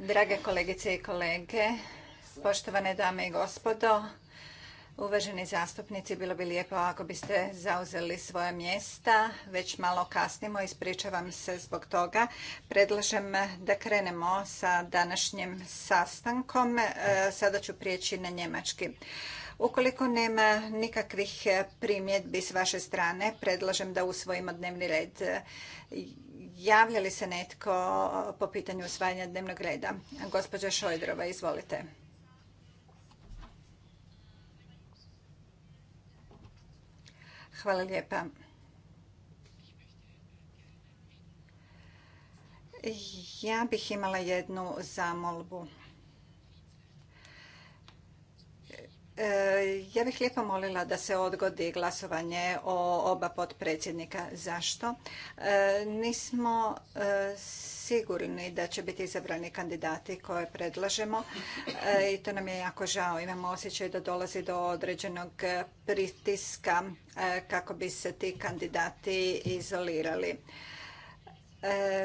Drage kolegice i kolege, poštovane dame i gospodo, uvaženi zastupnici, bilo bi lijepo ako biste zauzeli svoje mjesta. Već malo kasnimo, ispričavam se zbog toga. Predlažem da krenemo sa današnjim sastankom. E, sada ću prijeći na njemački. Ukoliko nema nikakvih e, primjedbi s vaše strane, predlažem da usvojimo dnevni red. Javlja li se netko e, po pitanju usvajanja dnevnog reda? Gospođa Šojdrova, izvolite. Hvala lijepa. Ja bih imala jednu zamolbu. E, ja bih lijepo molila da se odgodi glasovanje o oba potpredsjednika. Zašto? E, nismo e, sigurni da će biti izabrani kandidati koje predlažemo i to nam je jako žao. Imamo osjećaj da dolazi do određenog pritiska kako bi se ti kandidati izolirali.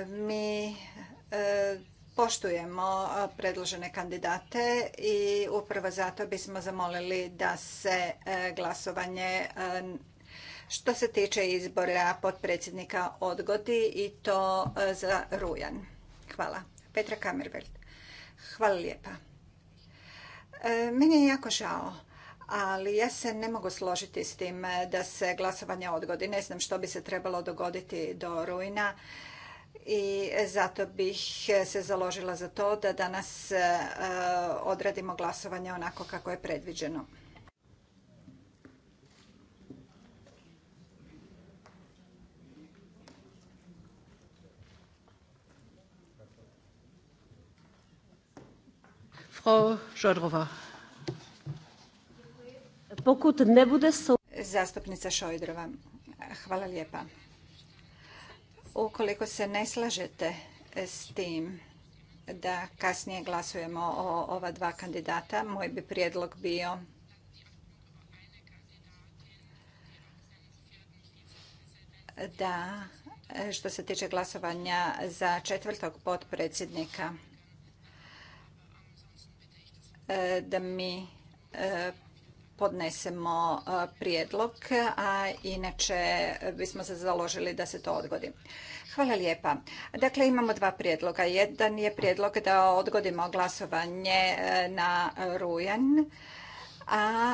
Mi poštujemo predložene kandidate i upravo zato bismo zamolili da se e, glasovanje e, što se tiče izbora potpredsjednika odgodi i to e, za rujan. Hvala. Petra Kamerveld. Hvala lijepa. Meni je jako žao ali ja se ne mogu složiti s tim da se glasovanje odgodi. Ne znam što bi se trebalo dogoditi do rujna i zato bih se založila za to da danas e, odradimo glasovanje onako kako je predviđeno. ne bude... Zastupnica Šojdrova. Hvala lijepa. Ukoliko se ne slažete s tim da kasnije glasujemo o ova dva kandidata, moj bi prijedlog bio da što se tiče glasovanja za četvrtog potpredsjednika da mi podnesemo e, prijedlog, a inače bismo se založili da se to odgodi. Hvala lijepa. Dakle, imamo dva prijedloga. Jedan je prijedlog da odgodimo glasovanje e, na rujan a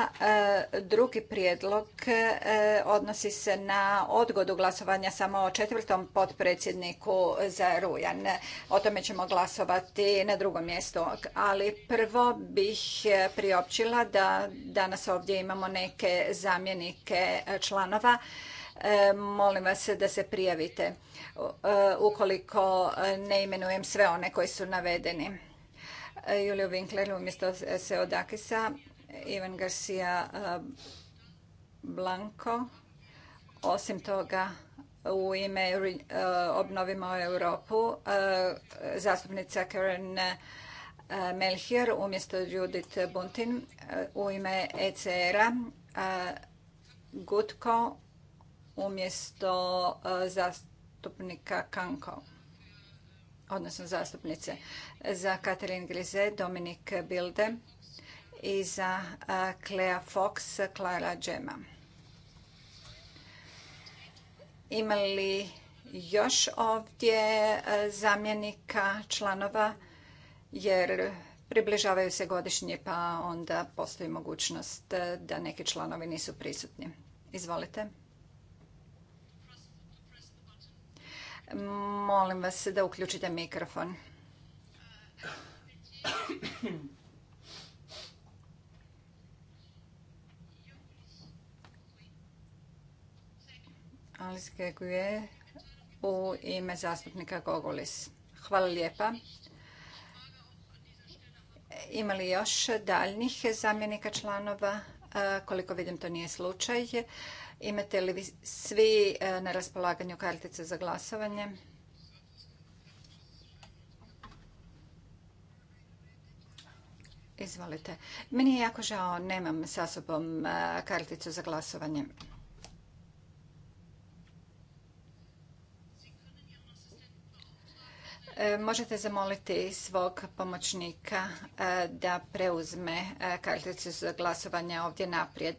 e, drugi prijedlog e, odnosi se na odgodu glasovanja samo o četvrtom potpredsjedniku za rujan. O tome ćemo glasovati na drugom mjestu, ali prvo bih e, priopćila da danas ovdje imamo neke zamjenike članova. Molim vas da se prijavite ukoliko ne imenujem sve one koji su navedeni. Julio Winkler umjesto Seodakisa, Ivan Garcia eh, Blanco. Osim toga, u ime eh, Obnovimo Europu, eh, zastupnica Karen Melchior umjesto Judith Buntin, u ime ECR-a Gutko umjesto zastupnika Kanko odnosno zastupnice. Za Katarin Grize, Dominik Bilde, i za Clea Fox, Clara Džema. Ima li još ovdje zamjenika članova? Jer približavaju se godišnje pa onda postoji mogućnost da neki članovi nisu prisutni. Izvolite. Molim vas da uključite mikrofon. u ime zastupnika Gogolis. Hvala lijepa. Ima li još daljnih zamjenika članova? E, koliko vidim, to nije slučaj. Imate li vi svi e, na raspolaganju kartice za glasovanje? Izvolite. Meni je jako žao, nemam sa sobom e, karticu za glasovanje. E, možete zamoliti svog pomoćnika e, da preuzme e, karticu za glasovanje ovdje naprijed.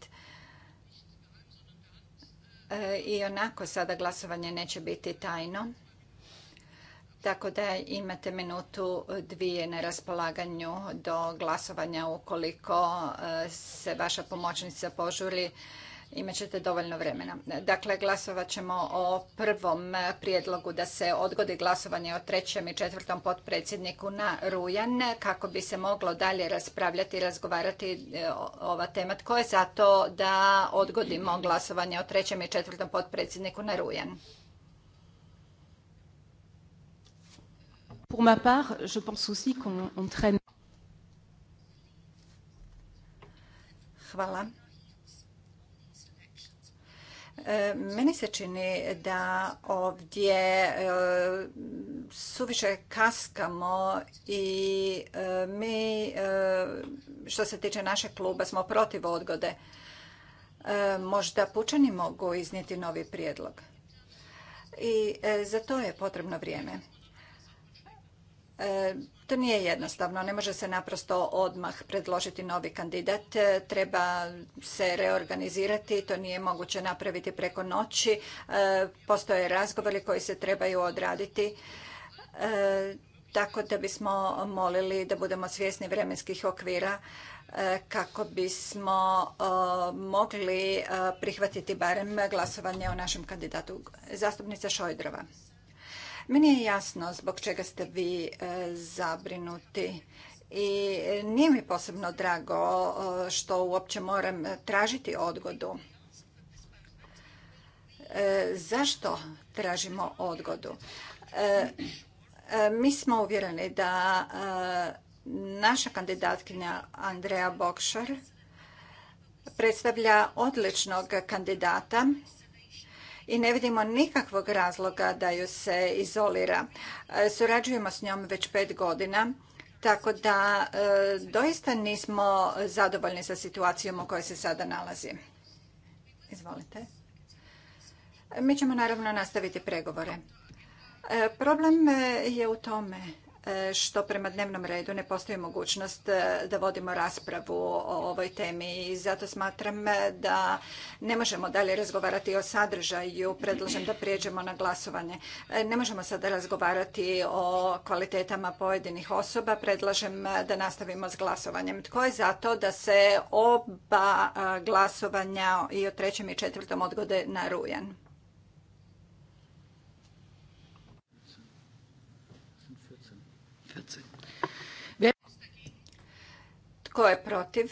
I onako sada glasovanje neće biti tajno. Tako da imate minutu dvije na raspolaganju do glasovanja ukoliko se vaša pomoćnica požuri Imat ćete dovoljno vremena. Dakle, glasovat ćemo o prvom prijedlogu da se odgodi glasovanje o trećem i četvrtom potpredsjedniku na Rujan kako bi se moglo dalje raspravljati i razgovarati e, ova tema. Tko je za to da odgodimo glasovanje o trećem i četvrtom potpredsjedniku na Rujan? Pour ma part, je pense aussi qu'on traîne. Hvala. E, meni se čini da ovdje e, suviše kaskamo i e, mi, što se tiče našeg kluba, smo protiv odgode. Možda pučani mogu iznijeti novi prijedlog. I za to je potrebno vrijeme. E, to nije jednostavno, ne može se naprosto odmah predložiti novi kandidat, e, treba se reorganizirati, to nije moguće napraviti preko noći, e, postoje razgovori koji se trebaju odraditi, tako da bismo molili da budemo svjesni vremenskih okvira kako bismo mogli prihvatiti barem glasovanje o našem kandidatu. Zastupnica Šojdrova. Meni je jasno zbog čega ste vi e, zabrinuti i nije mi posebno drago e, što uopće moram tražiti odgodu. E, zašto tražimo odgodu? Mi smo uvjereni da naša kandidatkinja Andreja Bokšar predstavlja odličnog kandidata i ne vidimo nikakvog razloga da ju se izolira. E, surađujemo s njom već pet godina. Tako da e, doista nismo zadovoljni sa situacijom u kojoj se sada nalazi. Izvolite. Mi ćemo naravno nastaviti pregovore. E, problem je u tome E, što prema dnevnom redu ne postoji mogućnost e, da vodimo raspravu o ovoj temi i zato smatram e, da ne možemo dalje razgovarati o sadržaju. Predlažem da prijeđemo na glasovanje. Ne možemo sada razgovarati o kvalitetama pojedinih osoba. Predlažem da nastavimo s glasovanjem. Tko je za to da se oba glasovanja i o trećem i četvrtom odgode na rujan? Tko je protiv?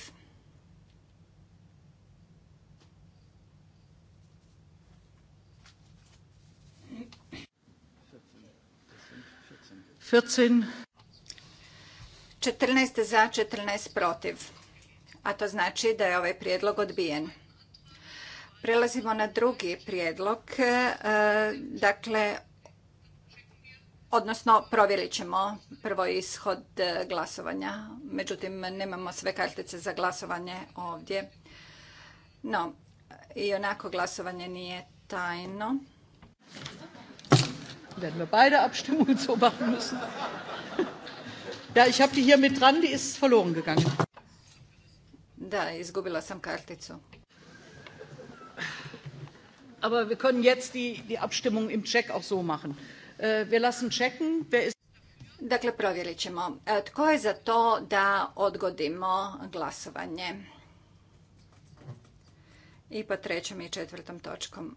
Četrnaest za, četrnaest protiv. A to znači da je ovaj prijedlog odbijen. Prelazimo na drugi prijedlog. E, dakle, odnosno provjerit ćemo prvo ishod e, glasovanja. Međutim, nemamo sve kartice za glasovanje ovdje. No, i onako glasovanje nije tajno. Werden wir beide Abstimmungen so machen müssen. Ja, ich habe die hier mit dran, die ist verloren gegangen. Da, izgubila sam karticu. Aber wir können jetzt die, die Abstimmung im Check auch so machen. Eh, dakle, provjerit ćemo. Eh, tko je za to da odgodimo glasovanje? I po trećom i četvrtom točkom.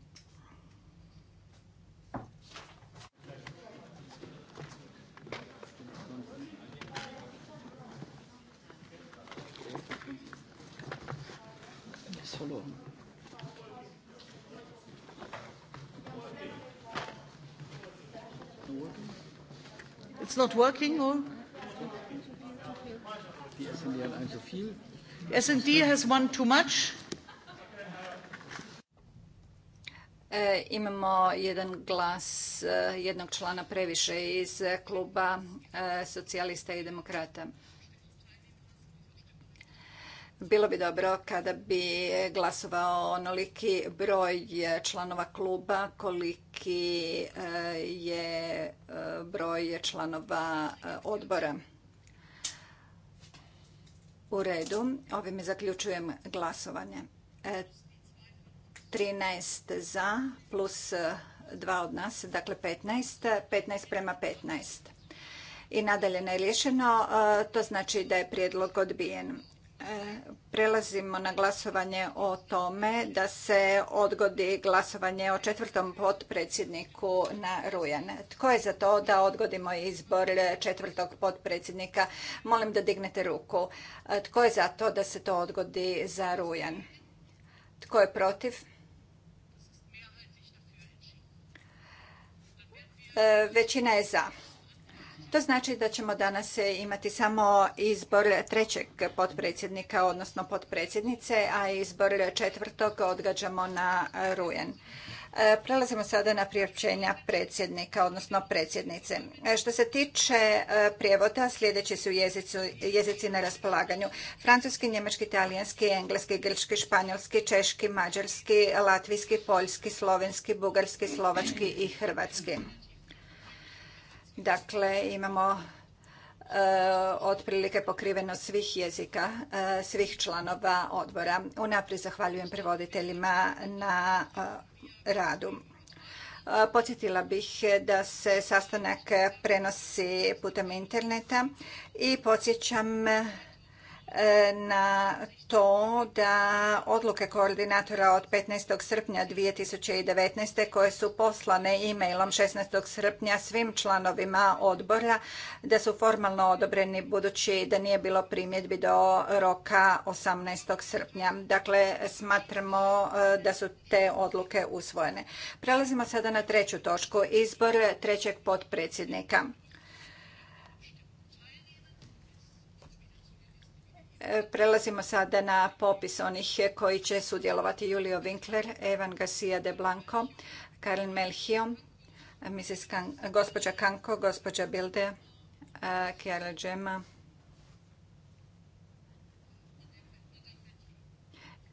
It's not working or? Die S&D ein viel. has one too much. E, imamo jedan glas e, jednog člana previše iz kluba e, socijalista i demokrata bilo bi dobro kada bi glasovao onoliki broj članova kluba koliki eh, je eh, broj članova eh, odbora. U redu, ovime zaključujem glasovanje. 13 za plus 2 od nas, dakle 15, 15 prema 15 i nadalje ne neriješeno, to znači da je prijedlog odbijen prelazimo na glasovanje o tome da se odgodi glasovanje o četvrtom potpredsjedniku na rujan. Tko je za to da odgodimo izbor četvrtog potpredsjednika? Molim da dignete ruku. Tko je za to da se to odgodi za rujan? Tko je protiv? E, većina je za. To znači da ćemo danas e, imati samo izbor trećeg potpredsjednika, odnosno potpredsjednice, a izbor četvrtog odgađamo na rujen. E, prelazimo sada na priopćenja predsjednika, odnosno predsjednice. E, što se tiče prijevoda, sljedeći su jezici na raspolaganju. Francuski, njemački, talijanski, engleski, grčki, španjolski, češki, mađarski, latvijski, poljski, slovenski, bugarski, slovački i hrvatski. Dakle, imamo e, otprilike pokriveno svih jezika, e, svih članova odbora. Unaprijed zahvaljujem prevoditeljima na e, radu. Podsjetila bih da se sastanak prenosi putem interneta i podsjećam na to da odluke koordinatora od 15. srpnja 2019. koje su poslane e-mailom 16. srpnja svim članovima odbora da su formalno odobreni budući da nije bilo primjedbi do roka 18. srpnja. Dakle, smatramo e, da su te odluke usvojene. Prelazimo sada na treću točku, izbor trećeg potpredsjednika. Prelazimo sada na popis onih koji će sudjelovati Julio Winkler, Evan Garcia de Blanco, Karin Melchio, gospođa Kanko, gospođa Bilde, Kjara eh, Džema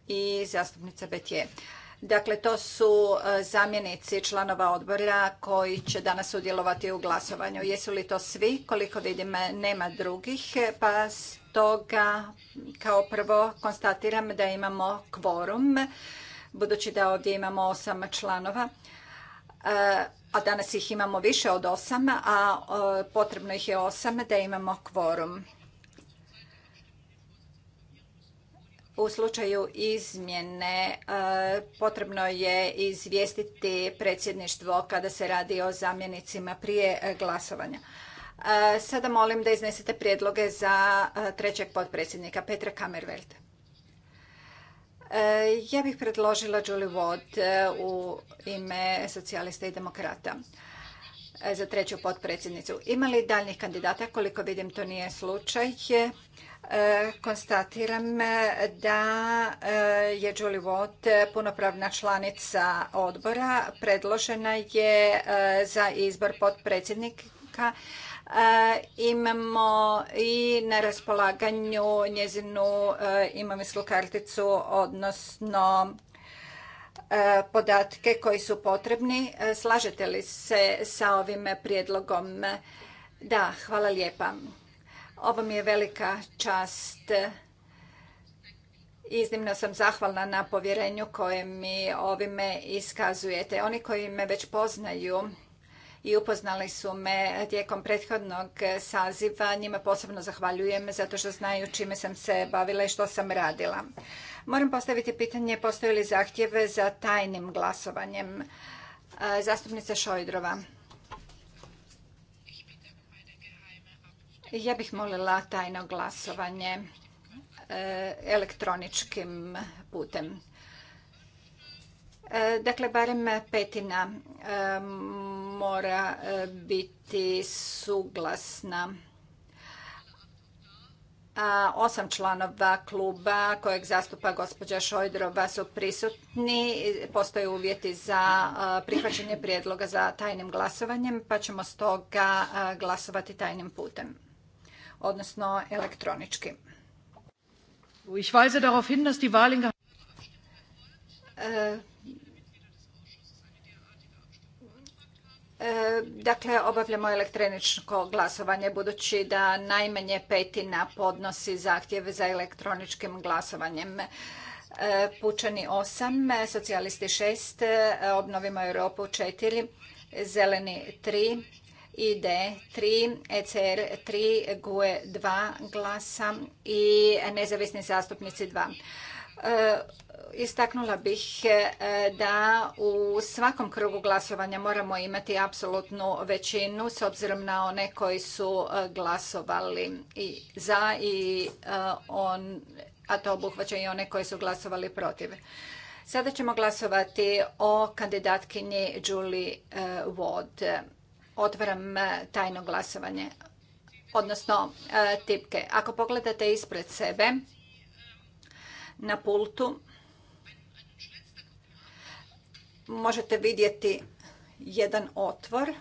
i zastupnica Betje. Dakle, to su e, zamjenici članova odbora koji će danas sudjelovati u glasovanju. Jesu li to svi? Koliko vidim, nema drugih, pa stoga kao prvo konstatiram da imamo kvorum, budući da ovdje imamo osam članova e, a danas ih imamo više od osam, a potrebno ih je osam da imamo kvorum. u slučaju izmjene e, potrebno je izvijestiti predsjedništvo kada se radi o zamjenicima prije e, glasovanja. E, sada molim da iznesete prijedloge za trećeg potpredsjednika Petra Kamervelde. Ja bih predložila Julie Watt u ime socijalista i demokrata za treću potpredsjednicu. Ima li daljnjih kandidata? Koliko vidim, to nije slučaj. E, konstatiram e, da e, je Julie Watt punopravna članica odbora. Predložena je za izbor potpredsjednika. Imamo i na raspolaganju njezinu imovinsku karticu, odnosno podatke koji su potrebni. Slažete li se sa ovim prijedlogom? Da, hvala lijepa. Ovo mi je velika čast. Iznimno sam zahvalna na povjerenju koje mi ovime iskazujete. Oni koji me već poznaju i upoznali su me tijekom prethodnog saziva. Njima posebno zahvaljujem zato što znaju čime sam se bavila i što sam radila. Moram postaviti pitanje postoji li zahtjeve za tajnim glasovanjem. Zastupnica Šojdrova. Ja bih molila tajno glasovanje e, elektroničkim putem. E, dakle, barem petina e, mora biti suglasna. A osam članova kluba kojeg zastupa gospođa Šojdrova su prisutni. Postoje uvjeti za prihvaćanje prijedloga za tajnim glasovanjem, pa ćemo stoga glasovati tajnim putem odnosno elektronički. E, e, dakle, obavljamo elektroničko glasovanje budući da najmanje petina podnosi zahtjeve za elektroničkim glasovanjem. E, Pučani 8, socijalisti 6, obnovimo Europu 4, zeleni 3, ID 3, ECR 3, GUE 2 glasa i nezavisni zastupnici 2. E, istaknula bih e, da u svakom krugu glasovanja moramo imati apsolutnu većinu s obzirom na one koji su e, glasovali i za i on, a to obuhvaća i one koji su glasovali protiv. Sada ćemo glasovati o kandidatkinji Julie Ward. Otvaram e, tajno glasovanje, odnosno e, tipke. Ako pogledate ispred sebe na pultu, možete vidjeti jedan otvor.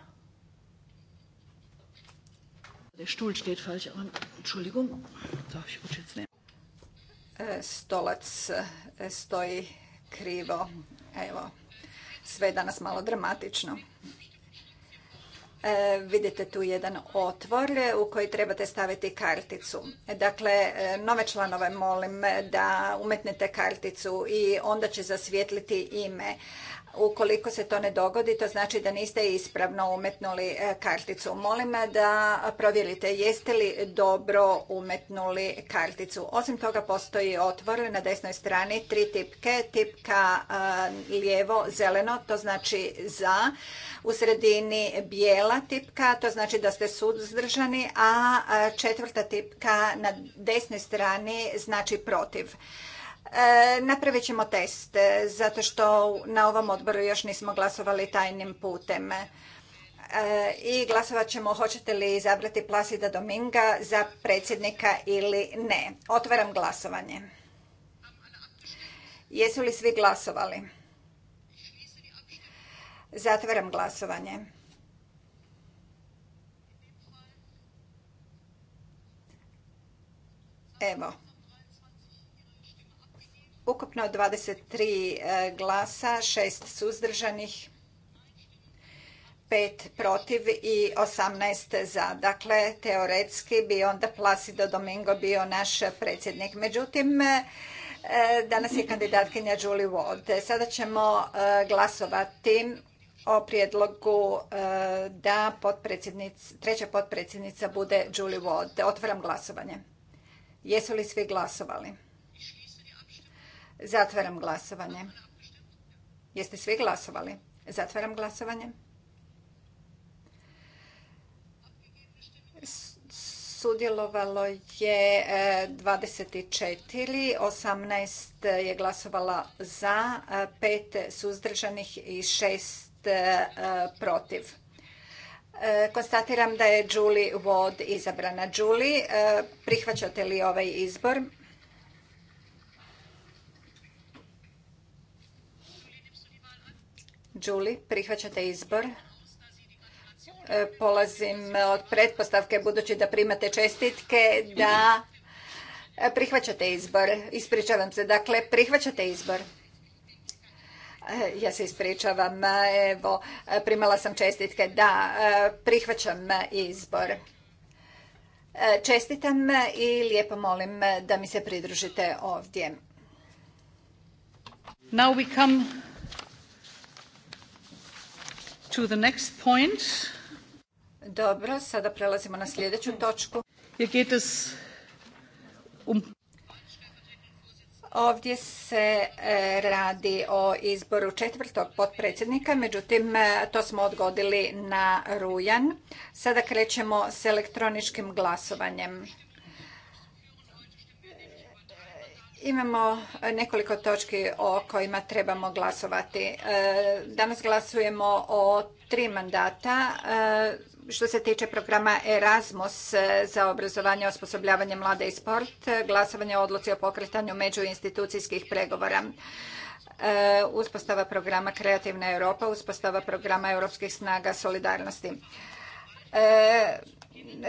Stolac stoji krivo. Evo, sve je danas malo dramatično. E, vidite tu jedan otvor u koji trebate staviti karticu. Dakle, e, nove članove molim da umetnete karticu i onda će zasvijetliti ime. Ukoliko se to ne dogodi, to znači da niste ispravno umetnuli e, karticu. Molim da provjerite jeste li dobro umetnuli karticu. Osim toga postoji otvor na desnoj strani, tri tipke, tipka e, lijevo zeleno, to znači za, u sredini bijela tipka, to znači da ste suzdržani, a e, četvrta tipka na desnoj strani znači protiv. E, napravit ćemo test, e, zato što na ovom odboru još nismo glasovali tajnim putem. E, I glasovat ćemo hoćete li izabrati Plasida Dominga za predsjednika ili ne. Otvaram glasovanje. Jesu li svi glasovali? Zatvaram glasovanje. Evo, Ukupno 23 e, glasa, 6 suzdržanih, 5 protiv i 18 za. Dakle, teoretski bi onda Placido Domingo bio naš predsjednik. Međutim, e, danas je kandidatkinja Julie Ward. Sada ćemo e, glasovati o prijedlogu da treća potpredsjednica bude Julie Ward. Otvaram glasovanje. Jesu li svi glasovali? Zatvaram glasovanje. Jeste svi glasovali? Zatvaram glasovanje. Sudjelovalo je 24, e, 18 je glasovala za, 5 suzdržanih i 6 e, protiv. E, konstatiram da je Julie Wood izabrana. Julie, prihvaćate li ovaj izbor? Julie, prihvaćate izbor? E, polazim od pretpostavke, budući da primate čestitke, da e, prihvaćate izbor. Ispričavam se, dakle, prihvaćate izbor. E, ja se ispričavam, evo, primala sam čestitke, da, prihvaćam izbor. Čestitam i lijepo molim da mi se pridružite ovdje. Now we come to the next point. Dobro, sada prelazimo na sljedeću točku. Hier um Ovdje se e, radi o izboru četvrtog potpredsjednika, međutim e, to smo odgodili na rujan. Sada krećemo s elektroničkim glasovanjem. Imamo e, nekoliko točki o kojima trebamo glasovati. E, danas glasujemo o tri mandata. E, što se tiče programa Erasmus za obrazovanje, osposobljavanje mlade i sport, glasovanje o odluci o pokretanju međuinstitucijskih pregovora uspostava programa Kreativna Europa, uspostava programa Europskih snaga solidarnosti.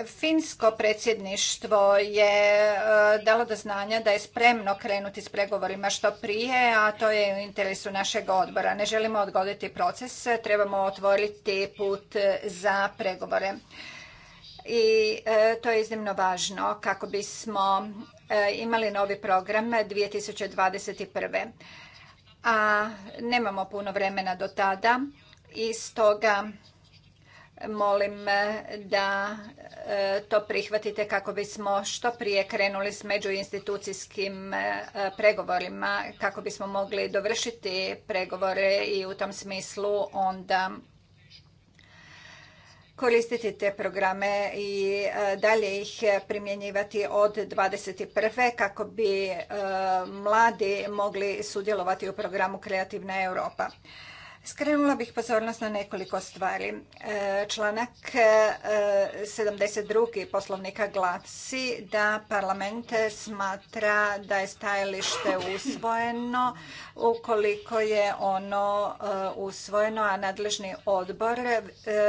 Finsko predsjedništvo je e, dalo do znanja da je spremno krenuti s pregovorima što prije, a to je u interesu našeg odbora. Ne želimo odgoditi proces, trebamo otvoriti put za pregovore. I e, to je iznimno važno kako bismo e, imali novi program 2021. A nemamo puno vremena do tada i stoga molim e, da e, to prihvatite kako bismo što prije krenuli s međuinstitucijskim e, pregovorima, kako bismo mogli dovršiti pregovore i u tom smislu onda koristiti te programe i dalje ih primjenjivati od 21. kako bi mladi mogli sudjelovati u programu Kreativna Europa. Skrenula bih pozornost na nekoliko stvari. E, članak 72. E, poslovnika glasi da parlament smatra da je stajalište usvojeno ukoliko je ono e, usvojeno, a nadležni odbor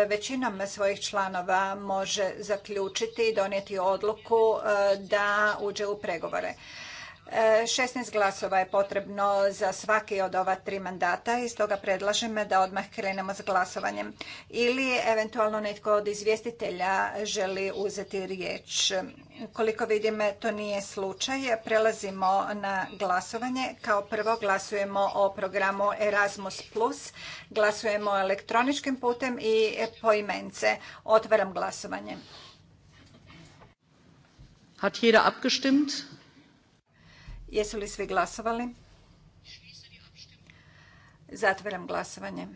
većinom svojih članova može zaključiti i donijeti odluku da uđe u pregovore. 16 glasova je potrebno za svaki od ova tri mandata i stoga predlažem da odmah krenemo s glasovanjem. Ili eventualno netko od izvjestitelja želi uzeti riječ. Koliko vidim, to nije slučaj. Prelazimo na glasovanje. Kao prvo glasujemo o programu Erasmus+. Glasujemo elektroničkim putem i imence. Otvaram glasovanje. Hat jeder Jesu li svi glasovali? Zatvaram glasovanje.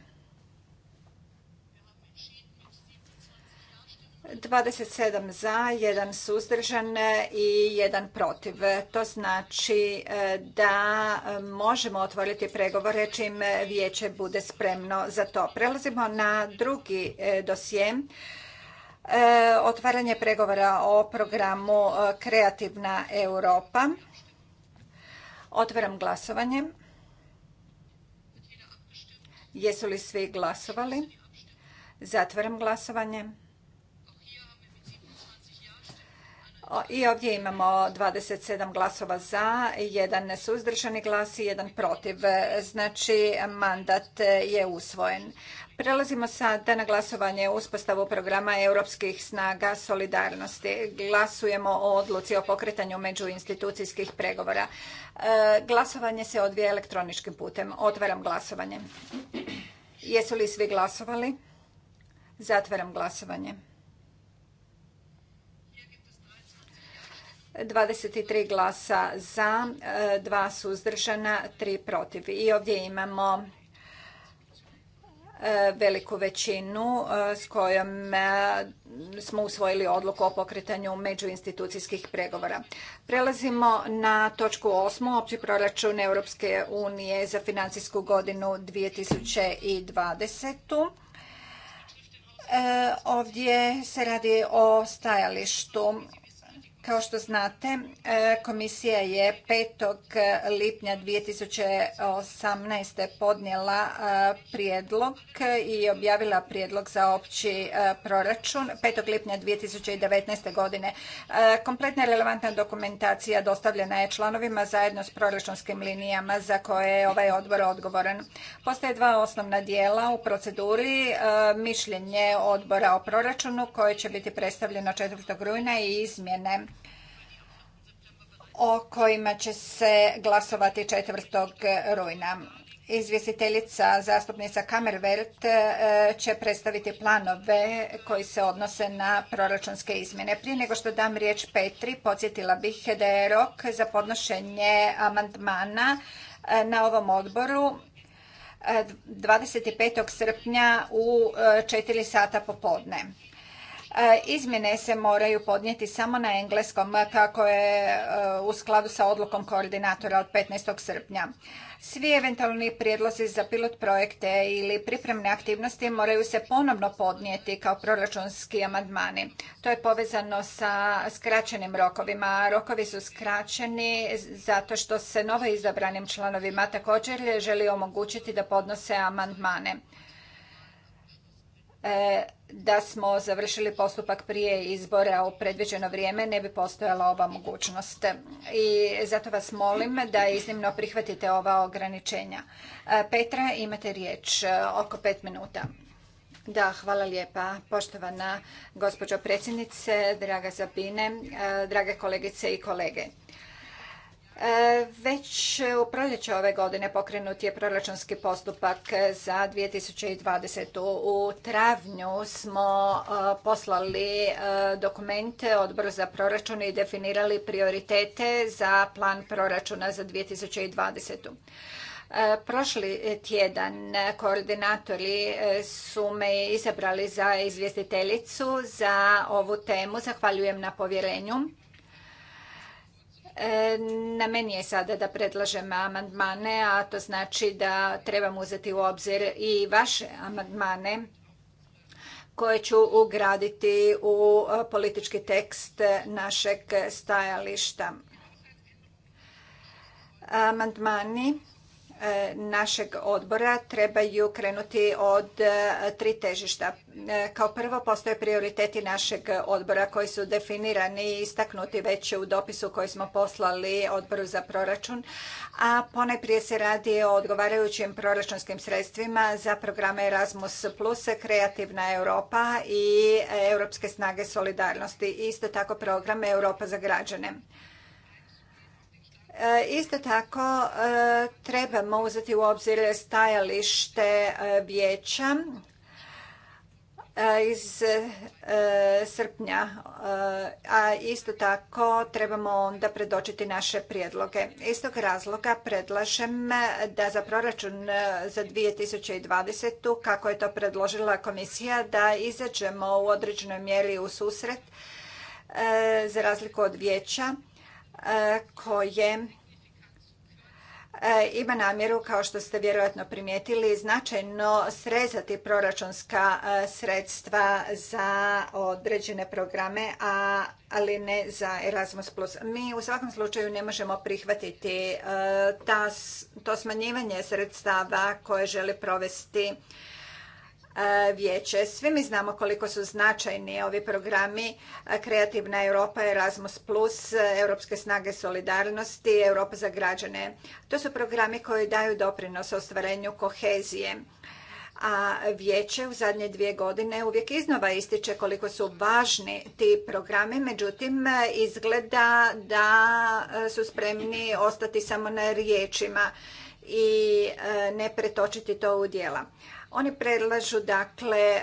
27 za, jedan suzdržan i jedan protiv. To znači e, da možemo otvoriti pregovore čim vijeće bude spremno za to. Prelazimo na drugi e, dosje. E, otvaranje pregovora o programu Kreativna Europa. Otvaram glasovanje. Jesu li svi glasovali? Zatvaram glasovanje. I ovdje imamo 27 glasova za, jedan suzdržani glas i jedan protiv. Znači mandat je usvojen. Prelazimo sada na glasovanje uspostavu programa Europskih snaga solidarnosti. Glasujemo o odluci o pokretanju međuinstitucijskih pregovora. E, glasovanje se odvija elektroničkim putem. Otvaram glasovanje. Jesu li svi glasovali? Zatvaram glasovanje. 23 glasa za, 2 suzdržana, tri protiv. I ovdje imamo e, veliku većinu e, s kojom e, smo usvojili odluku o pokretanju međuinstitucijskih pregovora. Prelazimo na točku 8. Opći proračun Europske unije za financijsku godinu 2020. Ovdje se radi o stajalištu kao što znate, e, komisija je 5. lipnja 2018. podnijela e, prijedlog i objavila prijedlog za opći e, proračun 5. lipnja 2019. godine. Kompletna relevantna dokumentacija dostavljena je članovima zajedno s proračunskim linijama za koje je ovaj odbor odgovoran. Postoje dva osnovna dijela u proceduri, mišljenje odbora o proračunu koje će biti predstavljeno 4. rujna i izmjene o kojima će se glasovati 4. rujna. Izvjestiteljica zastupnica Kamervert e, će predstaviti planove koji se odnose na proračunske izmjene. Prije nego što dam riječ Petri, podsjetila bih da je rok za podnošenje amandmana e, na ovom odboru 25. E, srpnja u 4 sata popodne. E, izmjene se moraju podnijeti samo na engleskom kako je e, u skladu sa odlukom koordinatora od 15. srpnja. Svi eventualni prijedlozi za pilot projekte ili pripremne aktivnosti moraju se ponovno podnijeti kao proračunski amandmani. To je povezano sa skraćenim rokovima. Rokovi su skraćeni zato što se novo izabranim članovima također želi omogućiti da podnose amandmane. E, da smo završili postupak prije izbora u predviđeno vrijeme ne bi postojala ova mogućnost. I zato vas molim da iznimno prihvatite ova ograničenja. E, Petra, imate riječ e, oko pet minuta. Da, hvala lijepa. Poštovana gospođo predsjednice, draga Zabine, drage kolegice i kolege. E, već u proljeće ove godine pokrenut je proračunski postupak za 2020. U travnju smo e, poslali e, dokumente Odboru za proračun i definirali prioritete za plan proračuna za 2020. Prošli tjedan koordinatori su me izabrali za izvjestiteljicu za ovu temu. Zahvaljujem na povjerenju E, na meni je sada da predlažem amandmane, a to znači da trebam uzeti u obzir i vaše amandmane koje ću ugraditi u politički tekst našeg stajališta. Amandmani E, našeg odbora trebaju krenuti od e, tri težišta. E, kao prvo postoje prioriteti našeg odbora koji su definirani i istaknuti već u dopisu koji smo poslali odboru za proračun, a ponajprije se radi o odgovarajućim proračunskim sredstvima za programe Erasmus+, Kreativna Europa i Europske snage solidarnosti, isto tako program Europa za građane. E, isto tako e, trebamo uzeti u obzir stajalište e, vijeća iz srpnja, a isto tako trebamo onda predočiti naše prijedloge. Iz tog razloga predlažem da za proračun za 2020. kako je to predložila komisija, da izađemo u određenoj mjeri u susret za razliku od vijeća koje e, ima namjeru, kao što ste vjerojatno primijetili, značajno srezati proračunska e, sredstva za određene programe, ali ne za Erasmus+. Mi u svakom slučaju ne možemo prihvatiti e, to smanjivanje sredstava koje želi provesti E, vijeće. Svi mi znamo koliko su značajni ovi programi e, Kreativna Europa, Erasmus+, e, Europske snage solidarnosti, Europa za građane. To su programi koji daju doprinos ostvarenju kohezije a vijeće u zadnje dvije godine uvijek iznova ističe koliko su važni ti programi, međutim izgleda da su spremni ostati samo na riječima i ne pretočiti to u djela. Oni predlažu dakle e,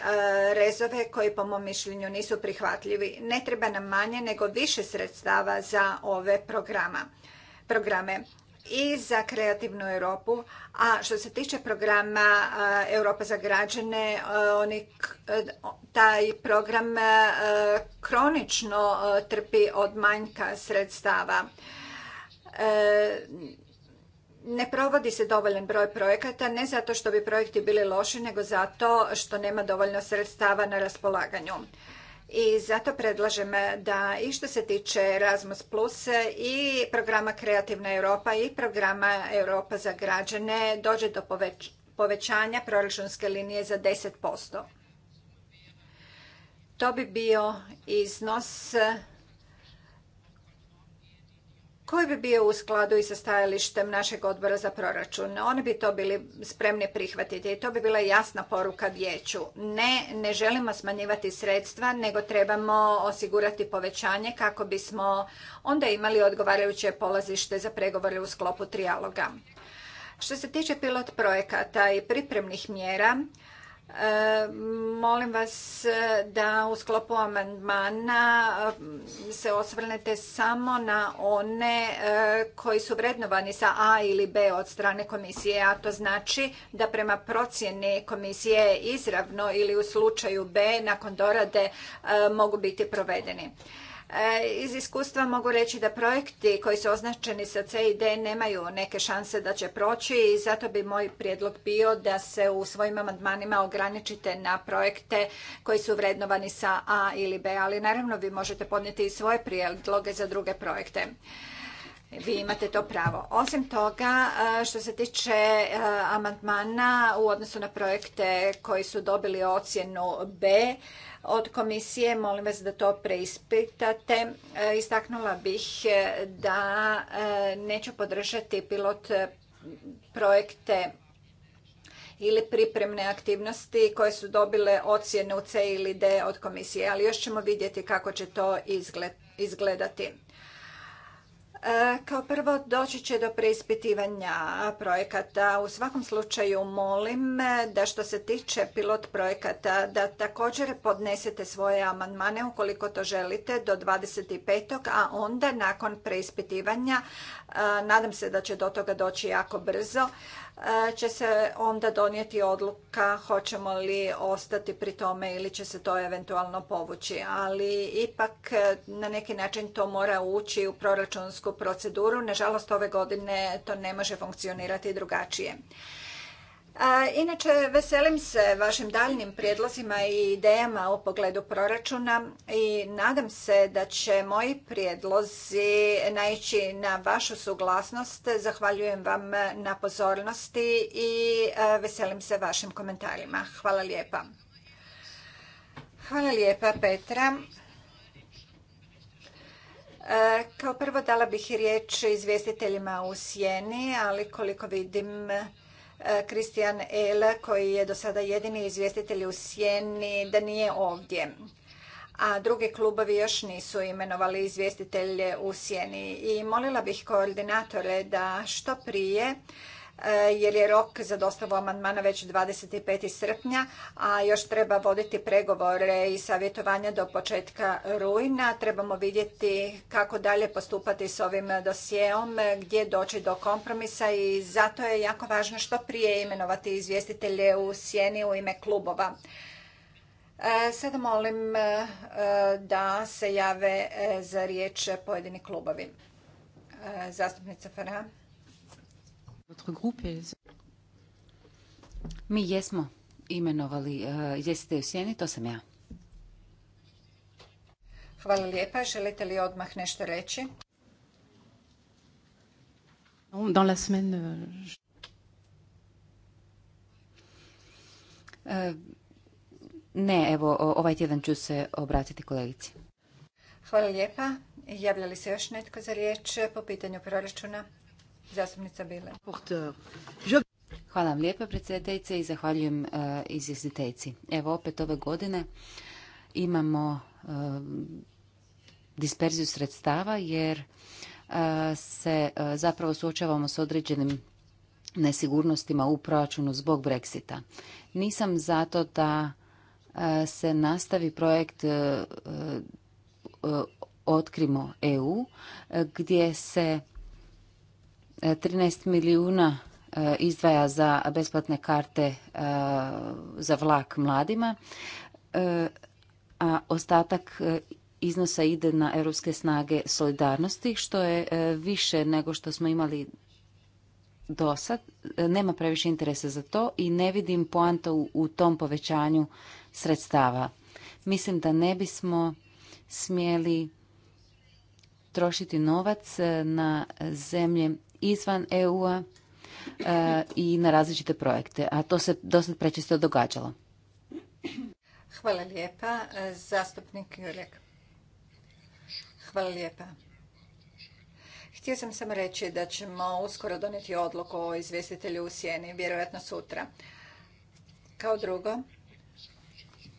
rezove koji po mom mišljenju nisu prihvatljivi. Ne treba nam manje nego više sredstava za ove programa, programe i za kreativnu Europu. A što se tiče programa e, Europa za građane, e, oni, taj program kronično trpi od manjka sredstava ne provodi se dovoljan broj projekata, ne zato što bi projekti bili loši, nego zato što nema dovoljno sredstava na raspolaganju. I zato predlažem da i što se tiče Erasmus Plus i programa Kreativna Europa i programa Europa za građane dođe do povećanja proračunske linije za 10%. To bi bio iznos koji bi bio u skladu i sa stajalištem našeg odbora za proračun. Oni bi to bili spremni prihvatiti i to bi bila jasna poruka vijeću. Ne, ne želimo smanjivati sredstva, nego trebamo osigurati povećanje kako bismo onda imali odgovarajuće polazište za pregovore u sklopu trijaloga. Što se tiče pilot projekata i pripremnih mjera, E, molim vas e, da u sklopu amandmana e, se osvrnete samo na one koji su vrednovani sa A ili B od strane komisije, a to znači da prema procjeni komisije izravno ili u slučaju B nakon dorade mogu biti provedeni. Iz iskustva mogu reći da projekti koji su označeni sa C i D nemaju neke šanse da će proći i zato bi moj prijedlog bio da se u svojim amandmanima ograničite na projekte koji su vrednovani sa A ili B, ali naravno vi možete podnijeti i svoje prijedloge za druge projekte. Vi imate to pravo. Osim toga, e, što se tiče e, amandmana u odnosu na projekte koji su dobili ocjenu B od komisije, molim vas da to preispitate. E, istaknula bih da neću podržati pilot projekte ili pripremne aktivnosti koje su dobile ocjenu C ili D od komisije, ali još ćemo vidjeti kako će to izgledati. E, kao prvo doći će do preispitivanja projekata. U svakom slučaju molim e, da što se tiče pilot projekata da također podnesete svoje amandmane ukoliko to želite do 25. a onda nakon preispitivanja e, nadam se da će do toga doći jako brzo E, će se onda donijeti odluka hoćemo li ostati pri tome ili će se to eventualno povući. Ali ipak e, na neki način to mora ući u proračunsku proceduru. Nažalost, ove godine to ne može funkcionirati drugačije. Inače, veselim se vašim daljnim prijedlozima i idejama u pogledu proračuna i nadam se da će moji prijedlozi naići na vašu suglasnost. Zahvaljujem vam na pozornosti i veselim se vašim komentarima. Hvala lijepa. Hvala lijepa, Petra. Kao prvo dala bih riječ izvjestiteljima u Sjeni, ali koliko vidim Kristijan El, koji je do sada jedini izvjestitelj u Sjeni, da nije ovdje. A drugi klubovi još nisu imenovali izvjestitelje u Sjeni. I molila bih koordinatore da što prije E, jer je rok za dostavu amandmana već 25. srpnja, a još treba voditi pregovore i savjetovanja do početka rujna. Trebamo vidjeti kako dalje postupati s ovim dosijeom, gdje doći do kompromisa i zato je jako važno što prije imenovati izvjestitelje u sjeni u ime klubova. E, sada molim e, da se jave za riječ pojedini klubovi. Zastupnica Farah. Mi jesmo imenovali e, Jeste u sjeni, to sam ja. Hvala lijepa. Želite li odmah nešto reći? Dans la semaine... Euh, e, ne, evo, ovaj tjedan ću se obratiti kolegici. Hvala lijepa. Javlja li se još netko za riječ po pitanju proračuna? Zastupnica Hvala vam lijepa predsjedateljice i zahvaljujem e, izvjestiteljici. Evo opet ove godine imamo e, disperziju sredstava jer e, se zapravo suočavamo s određenim nesigurnostima u proračunu zbog Brexita. Nisam zato da se nastavi projekt Otkrimo EU gdje se 13 milijuna e, izdvaja za besplatne karte e, za vlak mladima, e, a ostatak iznosa ide na europske snage solidarnosti, što je više nego što smo imali do sad. Nema previše interesa za to i ne vidim poanta u tom povećanju sredstava. Mislim da ne bismo smjeli trošiti novac na zemlje izvan EU-a e, i na različite projekte, a to se dosad prečesto događalo. Hvala lijepa. Zastupnik Jurek. Hvala lijepa. Htio sam samo reći da ćemo uskoro donijeti odluku o izvjestitelju u sjeni, vjerojatno sutra. Kao drugo,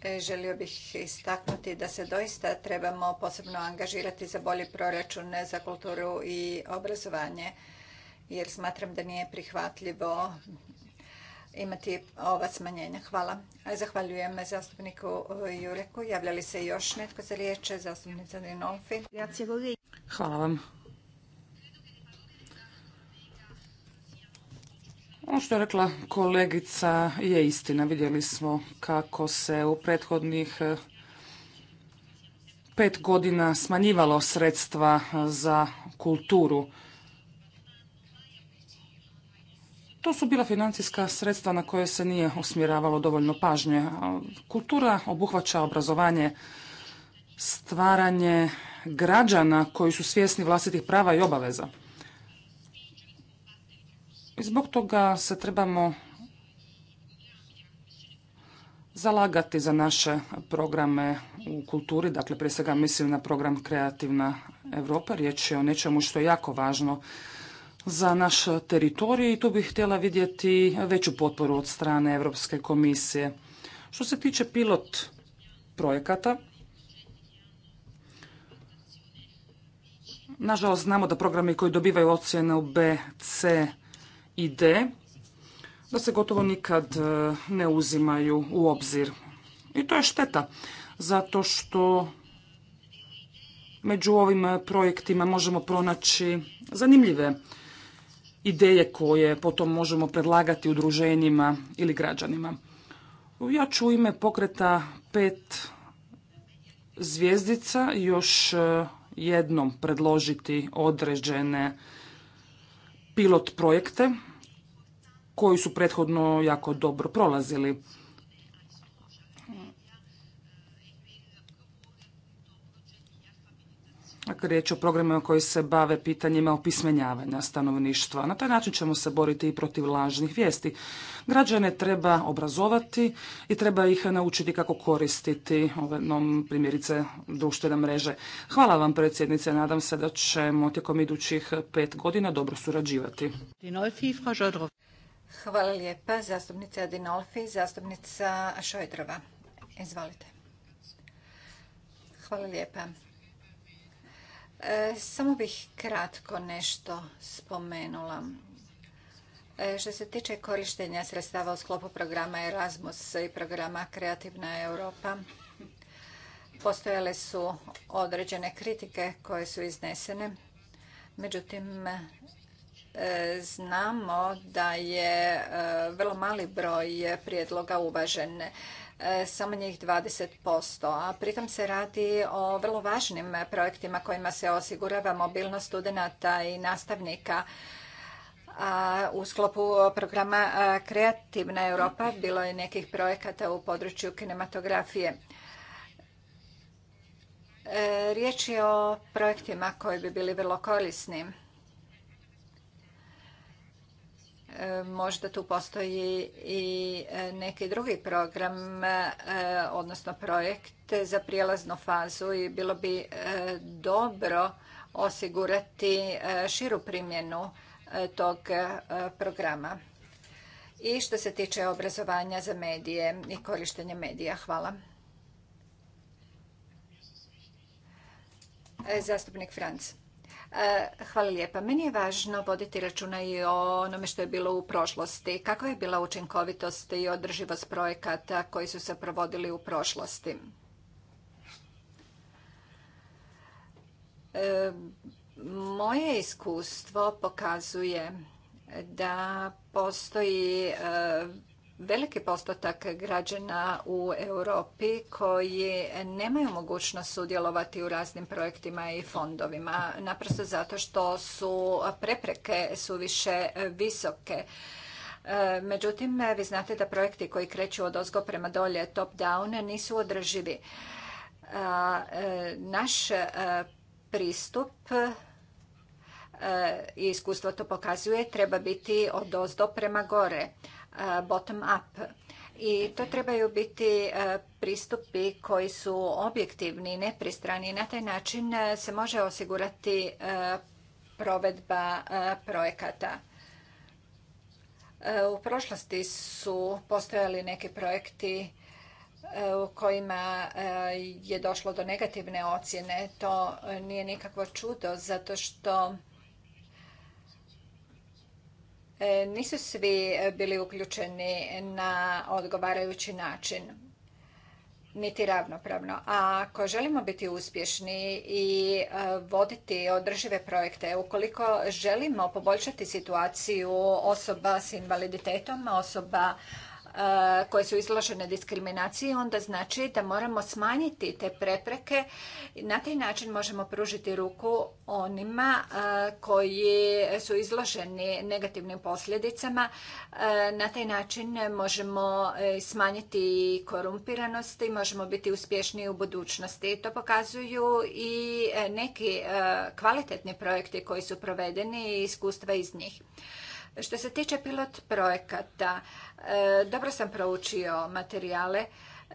e, želio bih istaknuti da se doista trebamo posebno angažirati za bolji proračun za kulturu i obrazovanje jer smatram da nije prihvatljivo imati ova smanjenja. Hvala. Zahvaljujem zastupniku e, Jureku. Javlja li se još netko za riječ? Zastupnica Dinolfi. Hvala vam. Ono što je rekla kolegica je istina. Vidjeli smo kako se u prethodnih e, pet godina smanjivalo sredstva za kulturu. To su bila financijska sredstva na koje se nije usmjeravalo dovoljno pažnje. Kultura obuhvaća obrazovanje, stvaranje građana koji su svjesni vlastitih prava i obaveza. I zbog toga se trebamo zalagati za naše programe u kulturi, dakle prije svega mislim na program Kreativna Europa, riječ je o nečemu što je jako važno za naš teritorij i tu bih htjela vidjeti veću potporu od strane Europske komisije. Što se tiče pilot projekata, nažalost znamo da programi koji dobivaju ocjene u B, C i D, da se gotovo nikad e, ne uzimaju u obzir. I to je šteta, zato što među ovim projektima možemo pronaći zanimljive ideje koje potom možemo predlagati udruženjima ili građanima. Ja ću u ime pokreta pet zvjezdica još e, jednom predložiti određene pilot projekte koji su prethodno jako dobro prolazili. riječ o programima koji se bave pitanjima opismenjavanja stanovništva. Na taj način ćemo se boriti i protiv lažnih vijesti. Građane treba obrazovati i treba ih naučiti kako koristiti ove primjerice društvene mreže. Hvala vam predsjednice, nadam se da ćemo tijekom idućih pet godina dobro surađivati. Hvala lijepa, zastupnica Adinolfi, zastupnica Šojdrova. Izvolite. Hvala lijepa. E, samo bih kratko nešto spomenula. E, što se tiče korištenja sredstava u sklopu programa Erasmus i programa Kreativna Europa, postojale su određene kritike koje su iznesene. Međutim, e, znamo da je vrlo mali broj prijedloga uvažene E, samo njih 20%, a pritom se radi o vrlo važnim projektima kojima se osigurava mobilnost studenata i nastavnika u sklopu programa e, Kreativna Europa bilo je nekih projekata u području kinematografije. E, riječ je o projektima koji bi bili vrlo korisni. možda tu postoji i e, neki drugi program, e, odnosno projekt za prijelaznu fazu i bilo bi e, dobro osigurati širu primjenu tog programa. I što se tiče obrazovanja za medije i korištenja medija. Hvala. Zastupnik Franc. E, hvala lijepa. Meni je važno voditi računa i o onome što je bilo u prošlosti. Kakva je bila učinkovitost i održivost projekata koji su se provodili u prošlosti? E, moje iskustvo pokazuje da postoji e, veliki postotak građana u Europi koji nemaju mogućnost sudjelovati u raznim projektima i fondovima, naprosto zato što su prepreke su više visoke. E, međutim, vi znate da projekti koji kreću od ozgo prema dolje, top down, nisu održivi. E, naš e, pristup i iskustvo to pokazuje, treba biti od ozdo prema gore. Eh, bottom up. I to trebaju biti eh, pristupi koji su objektivni i nepristrani. Na taj način eh, se može osigurati provedba projekata. U prošlosti su postojali neki projekti u kojima je došlo do negativne ocjene. To nije nikakvo čudo zato što E, nisu svi e, bili uključeni na odgovarajući način niti ravnopravno. A ako želimo biti uspješni i e, voditi održive projekte, ukoliko želimo poboljšati situaciju osoba s invaliditetom, osoba Eh, koje su izložene diskriminaciji, onda znači da moramo smanjiti te prepreke. Na taj način možemo pružiti ruku onima eh, koji su izloženi negativnim posljedicama. Eh, na taj način možemo smanjiti korumpiranost i možemo biti uspješniji u budućnosti. To pokazuju i neki kvalitetni projekti koji su provedeni i iskustva iz njih. Što se tiče pilot projekata, e, dobro sam proučio materijale.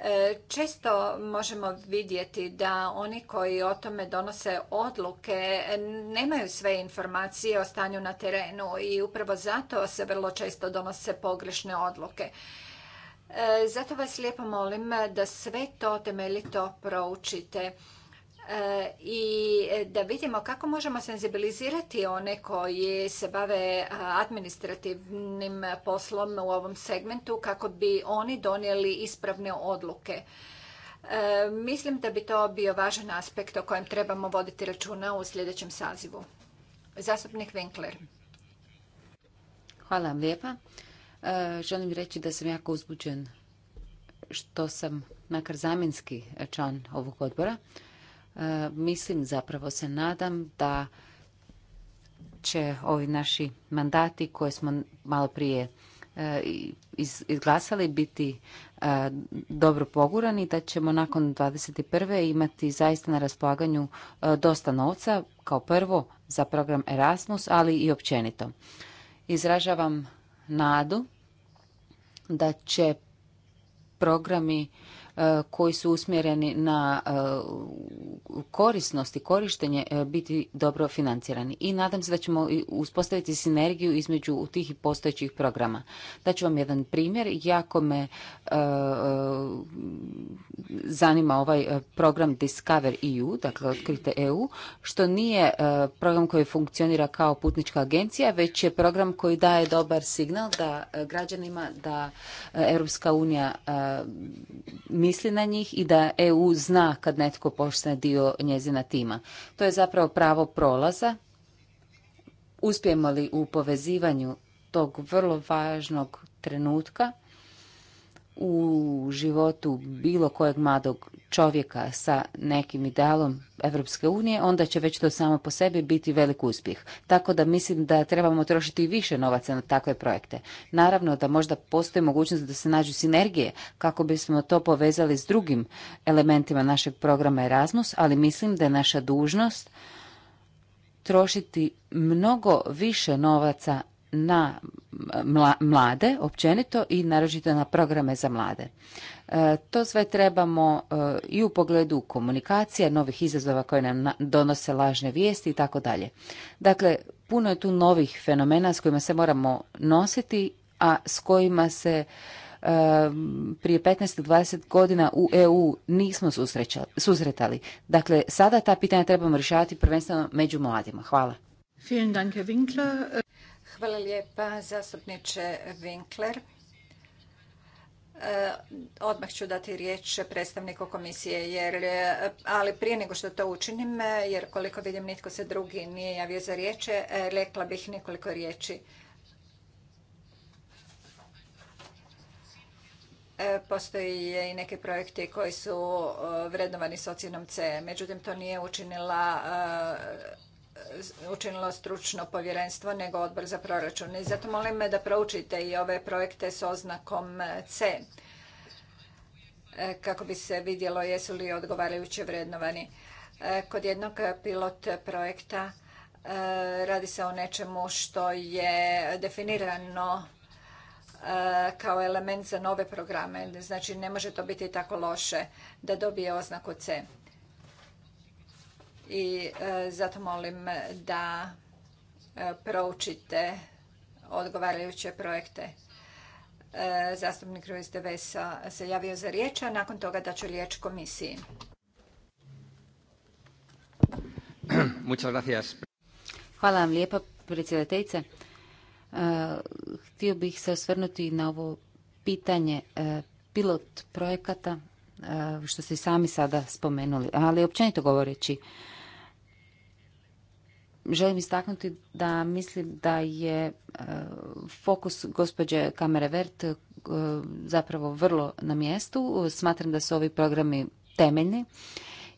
E, često možemo vidjeti da oni koji o tome donose odluke nemaju sve informacije o stanju na terenu i upravo zato se vrlo često donose pogrešne odluke. E, zato vas lijepo molim da sve to temeljito proučite i e, da vidimo kako možemo senzibilizirati one koji se bave administrativnim poslom u ovom segmentu kako bi oni donijeli ispravne odluke. E, mislim da bi to bio važan aspekt o kojem trebamo voditi računa u sljedećem sazivu. Zastupnik Winkler. Hvala vam lijepa. E, želim reći da sam jako uzbuđen što sam nakar zamjenski član ovog odbora. E, mislim, zapravo se nadam da će ovi naši mandati koje smo malo prije e, izglasali biti e, dobro pogurani, da ćemo nakon 21. imati zaista na raspolaganju dosta novca, kao prvo za program Erasmus, ali i općenito. Izražavam nadu da će programi E, koji su usmjereni na e, korisnost i korištenje e, biti dobro financirani. I nadam se da ćemo uspostaviti sinergiju između tih i postojećih programa. ću vam jedan primjer. Jako me zanima ovaj program Discover EU, dakle Otkrite EU, što nije program koji funkcionira kao putnička agencija, već je program koji daje dobar signal da građanima da Europska unija mi misli na njih i da EU zna kad netko postane dio njezina tima. To je zapravo pravo prolaza. Uspijemo li u povezivanju tog vrlo važnog trenutka u životu bilo kojeg mladog čovjeka sa nekim idealom Evropske unije, onda će već to samo po sebi biti velik uspjeh. Tako da mislim da trebamo trošiti više novaca na takve projekte. Naravno da možda postoji mogućnost da se nađu sinergije kako bismo to povezali s drugim elementima našeg programa Erasmus, ali mislim da je naša dužnost trošiti mnogo više novaca na mlade općenito i naročito na programe za mlade. E, to sve trebamo e, i u pogledu komunikacije, novih izazova koje nam donose lažne vijesti i tako dalje. Dakle, puno je tu novih fenomena s kojima se moramo nositi, a s kojima se e, prije 15-20 godina u EU nismo susretali. Dakle, sada ta pitanja trebamo rješavati prvenstveno među mladima. Hvala. Vielen Winkler. Hvala lijepa, zastupniče Winkler. E, odmah ću dati riječ predstavniku komisije, jer, e, ali prije nego što to učinim, e, jer koliko vidim nitko se drugi nije javio za riječ, rekla bih nekoliko riječi. Postoji i neki projekti koji su vrednovani s ocjenom C, međutim to nije učinila E, učinilo stručno povjerenstvo nego odbor za proračun. I zato molim me da proučite i ove projekte s oznakom C e, kako bi se vidjelo jesu li odgovarajuće vrednovani. E, kod jednog pilot projekta radi se o nečemu što je definirano kao element za nove programe. Znači ne može to biti tako loše da dobije oznaku C i e, zato molim da e, proučite odgovarajuće projekte. E, zastupnik Ruiz de Vesa se javio za riječ, a nakon toga ću riječ komisiji. Hvala vam lijepa, predsjedateljice. Htio bih se osvrnuti na ovo pitanje pilot projekata, što ste sami sada spomenuli, ali općenito govoreći, želim istaknuti da mislim da je e, fokus gospođe Vert e, zapravo vrlo na mjestu. Smatram da su ovi programi temeljni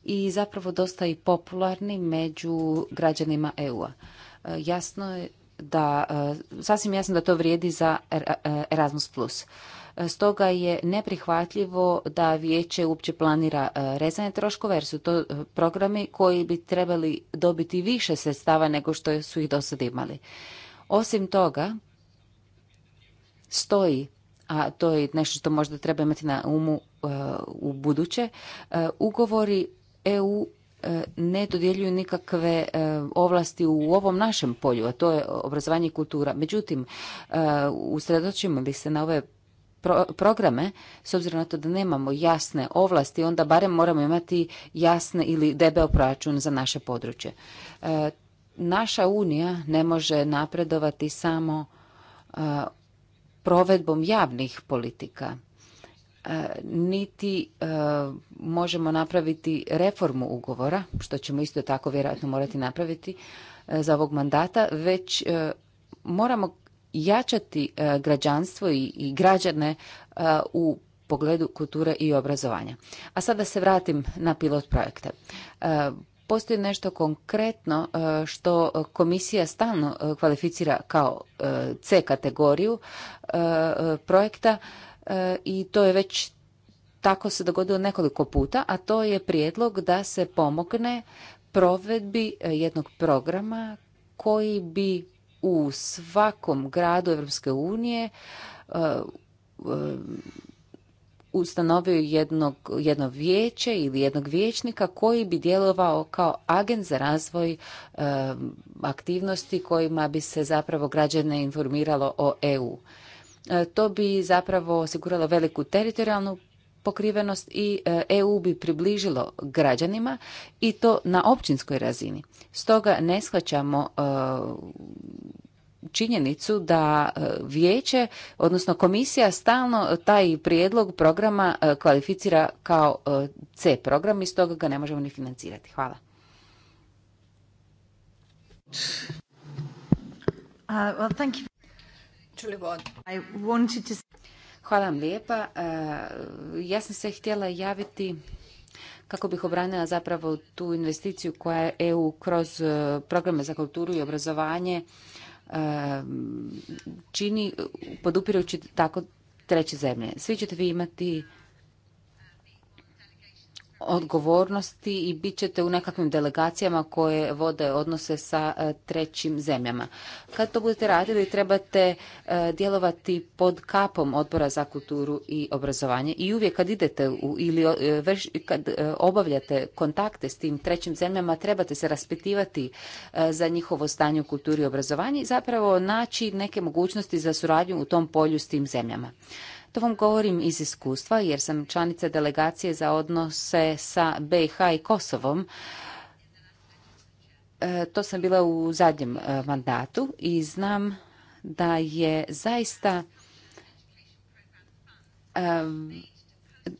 i zapravo dosta i popularni među građanima EU-a. E, jasno je da e, sasvim jasno da to vrijedi za er-, e, Erasmus+. E, stoga je neprihvatljivo da vijeće uopće planira rezanje troškova jer su to programi koji bi trebali dobiti više sredstava nego što su ih do sada imali. Osim toga, stoji a to je nešto što možda treba imati na umu u buduće, ugovori EU E, ne dodjeljuju nikakve e, ovlasti u ovom našem polju, a to je obrazovanje i kultura. Međutim, e, usredočimo bi se na ove programe, s obzirom na to da nemamo jasne ovlasti, onda barem moramo imati jasne ili debel proračun za naše područje. Naša unija ne može napredovati samo provedbom javnih politika E, niti e, možemo napraviti reformu ugovora, što ćemo isto tako vjerojatno morati napraviti e, za ovog mandata, već moramo jačati građanstvo i građane u pogledu kulture i obrazovanja. A sada se vratim na pilot projekte. Postoji nešto konkretno što komisija stalno kvalificira kao C kategoriju projekta E, i to je već tako se dogodilo nekoliko puta, a to je prijedlog da se pomogne provedbi e, jednog programa koji bi u svakom gradu Europske unije e, ustanovio jednog, jedno vijeće ili jednog vijećnika koji bi djelovao kao agent za razvoj aktivnosti kojima bi se zapravo građane informiralo o EU. E, to bi zapravo osiguralo veliku teritorijalnu pokrivenost i EU e bi približilo građanima i to na općinskoj razini. Stoga ne shvaćamo e, činjenicu da vijeće, odnosno komisija stalno taj prijedlog programa kvalificira kao C program i stoga ga ne možemo ni financirati. Hvala. Uh, well, thank you vodu. Hvala vam lijepa. E, ja sam se htjela javiti kako bih obranila zapravo tu investiciju koja EU kroz e, programe za kulturu i obrazovanje e, čini podupirajući tako treće zemlje. Svi ćete vi imati odgovornosti i bit ćete u nekakvim delegacijama koje vode odnose sa e, trećim zemljama. Kad to budete radili trebate e, djelovati pod kapom odbora za kulturu i obrazovanje i uvijek kad idete u, ili e, kad obavljate kontakte s tim trećim zemljama trebate se raspitivati za njihovo stanje u kulturi i obrazovanju i zapravo naći neke mogućnosti za suradnju u tom polju s tim zemljama. To vam govorim iz iskustva jer sam članica delegacije za odnose sa BiH i Kosovom. E, to sam bila u zadnjem e, mandatu i znam da je zaista e,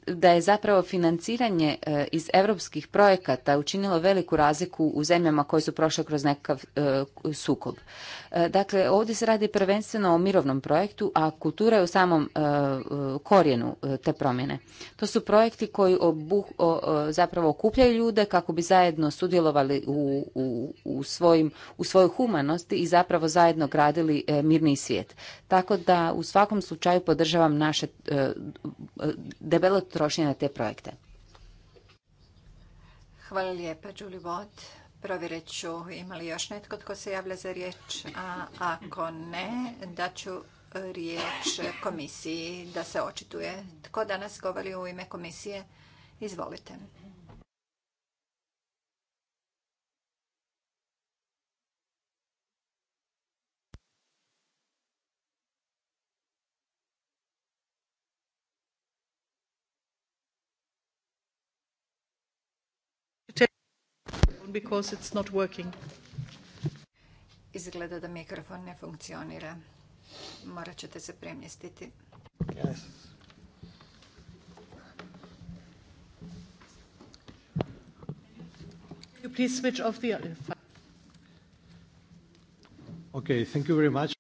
da je zapravo financiranje e, iz europskih projekata učinilo veliku razliku u zemljama koje su prošle kroz nekakav e, sukob. E, dakle, ovdje se radi prvenstveno o mirovnom projektu, a kultura je u samom korijenu te promjene. To su projekti koji zapravo okupljaju ljude kako bi zajedno sudjelovali u, svojoj humanosti i zapravo zajedno gradili mirni svijet. Tako da u svakom slučaju podržavam naše modelu na te projekte. Hvala lijepa, Julie Vod. Provjerit ću ima još netko tko se javlja za riječ, a ako ne, daću riječ komisiji da se očituje. Tko danas govori u ime komisije? Izvolite. because it's not working. Izgleda da mikrofon ne funkcionira. Morat ćete se premjestiti. Yes. You please switch off the Okay, thank you very much.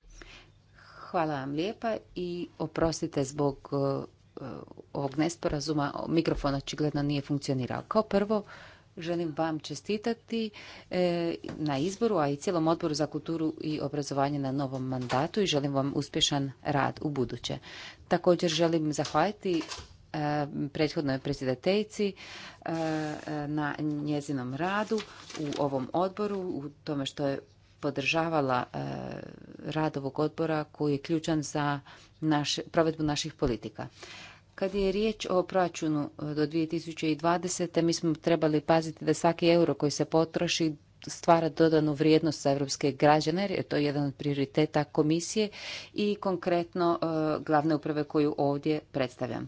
Hvala vam lijepa i oprostite zbog eh, ovog nesporazuma. Mikrofon očigledno nije funkcionirao. Kao prvo, Želim vam čestitati e, na izboru, a i cijelom odboru za kulturu i obrazovanje na novom mandatu i želim vam uspješan rad u buduće. Također želim zahvaliti e, prethodnoj predsjedateljici e, na njezinom radu u ovom odboru, u tome što je podržavala rad ovog odbora koji je ključan za provedbu naših politika. Kad je riječ o proračunu e, do 2020. mi smo trebali paziti da svaki euro koji se potroši stvara dodanu vrijednost za evropske građane, jer je to jedan od prioriteta komisije i konkretno e, glavne uprave koju ovdje predstavljam.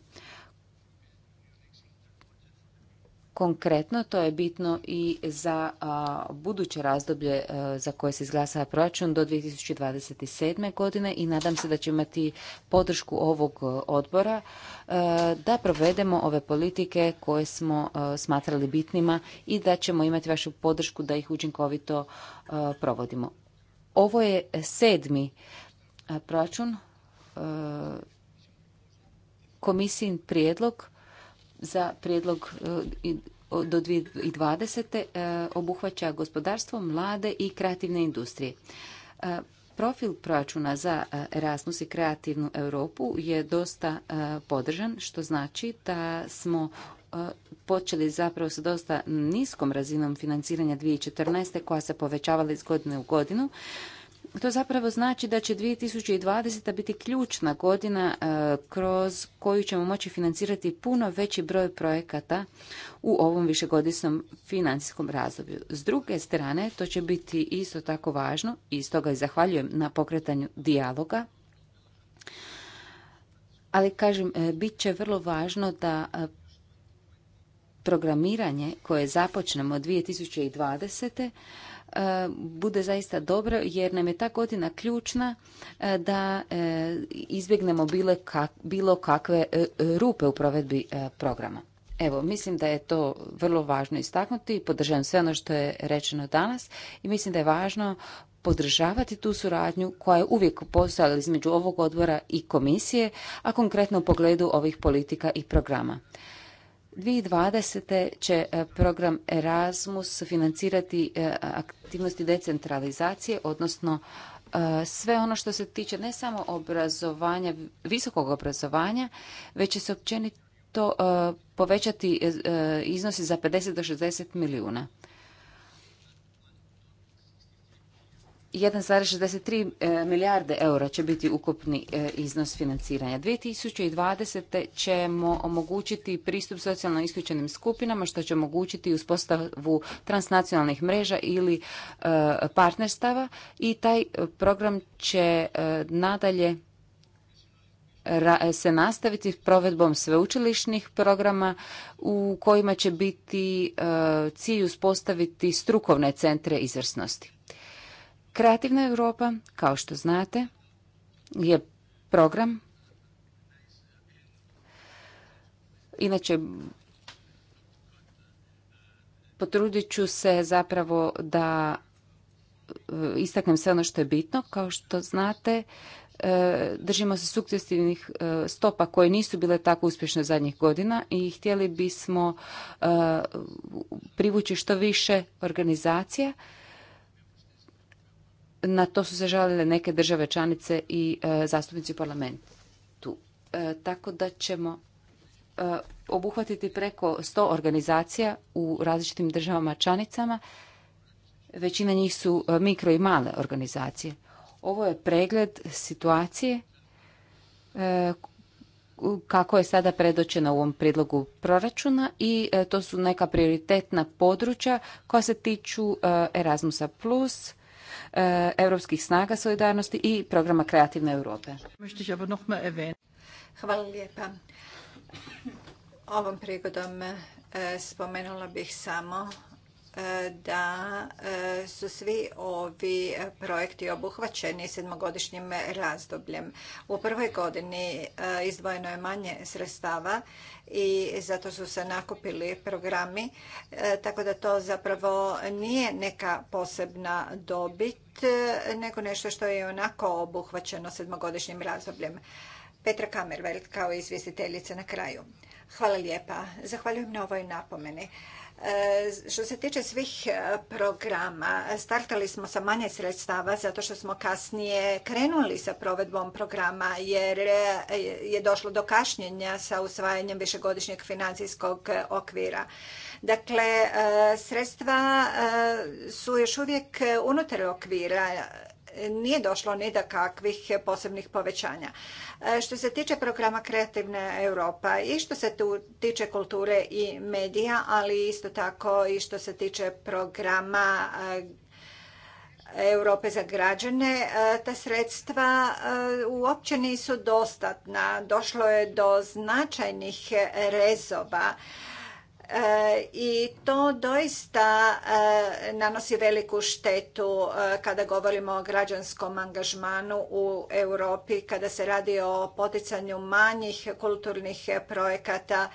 Konkretno to je bitno i za buduće razdoblje e, za koje se izglasava proračun do 2027. godine i nadam se da će imati podršku ovog e, odbora e, da provedemo ove politike koje smo smatrali bitnima i da ćemo imati vašu podršku da ih učinkovito provodimo. Ovo je sedmi proračun komisijin prijedlog za prijedlog e, do 2020. E, obuhvaća gospodarstvo, mlade i kreativne industrije. E, profil proračuna za Erasmus i kreativnu Europu je dosta podržan, što znači da smo počeli zapravo sa dosta niskom razinom financiranja 2014. koja se povećavala iz godine u godinu to zapravo znači da će 2020. biti ključna godina e, kroz koju ćemo moći financirati puno veći broj projekata u ovom višegodišnjem financijskom razdoblju. S druge strane, to će biti isto tako važno i stoga i zahvaljujem na pokretanju dijaloga ali kažem, e, bit će vrlo važno da e, programiranje koje započnemo 2020. E, bude zaista dobro jer nam je ta godina ključna e, da e, izbjegnemo bilo kakve rupe u provedbi programa. Evo, mislim da je to vrlo važno istaknuti i podržavam sve ono što je rečeno danas i mislim da je važno podržavati tu suradnju koja je uvijek postojala između ovog odbora i komisije, a konkretno u pogledu ovih politika i programa. 2020. će e, program Erasmus financirati e, aktivnosti decentralizacije, odnosno e, sve ono što se tiče ne samo obrazovanja, visokog obrazovanja, već će se općenito povećati iznosi za 50 do 60 milijuna. 1,63 e, milijarde eura će biti ukupni e, iznos financiranja. 2020. ćemo omogućiti pristup socijalno isključenim skupinama što će omogućiti uspostavu transnacionalnih mreža ili e, partnerstava i taj program će nadalje se nastaviti provedbom sveučilišnih programa u kojima će biti cilj uspostaviti strukovne centre izvrsnosti. Kreativna Europa, kao što znate, je program. Inače, potrudit ću se zapravo da e, istaknem sve ono što je bitno. Kao što znate, e, držimo se sukcesivnih e, stopa koje nisu bile tako uspješne zadnjih godina i htjeli bismo privući što više organizacija na to su se žalile neke države članice i e, zastupnici u parlamentu. E, tako da ćemo e, obuhvatiti preko 100 organizacija u različitim državama članicama. Većina njih su mikro i male organizacije. Ovo je pregled situacije kako je sada predočena u ovom prijedlogu proračuna i to su neka prioritetna područja koja se tiču Erasmusa+, plus Eh, europskih snaga solidarnosti i programa Kreativne Europe. Hvala lijepa. Ovom prigodom eh, spomenula bih samo da e, su svi ovi projekti obuhvaćeni sedmogodišnjim razdobljem. U prvoj godini e, izdvojeno je manje sredstava i zato su se nakupili programi, e, tako da to zapravo nije neka posebna dobit, nego nešto što je onako obuhvaćeno sedmogodišnjim razdobljem. Petra Kamerveld kao izvjestiteljica na kraju. Hvala lijepa. Zahvaljujem na ovoj napomeni. E, što se tiče svih e, programa, startali smo sa manje sredstava zato što smo kasnije krenuli sa provedbom programa jer e, je došlo do kašnjenja sa usvajanjem višegodišnjeg financijskog okvira. Dakle, sredstva su još uvijek unutar okvira nije došlo ni do kakvih posebnih povećanja. E, što se tiče programa Kreativna Europa i što se tu tiče kulture i medija, ali isto tako i što se tiče programa e, Europe za građane, e, ta sredstva uopće nisu dostatna. Došlo je do značajnih rezova E, i to doista e, nanosi veliku štetu e, kada govorimo o građanskom angažmanu u Europi, kada se radi o poticanju manjih kulturnih projekata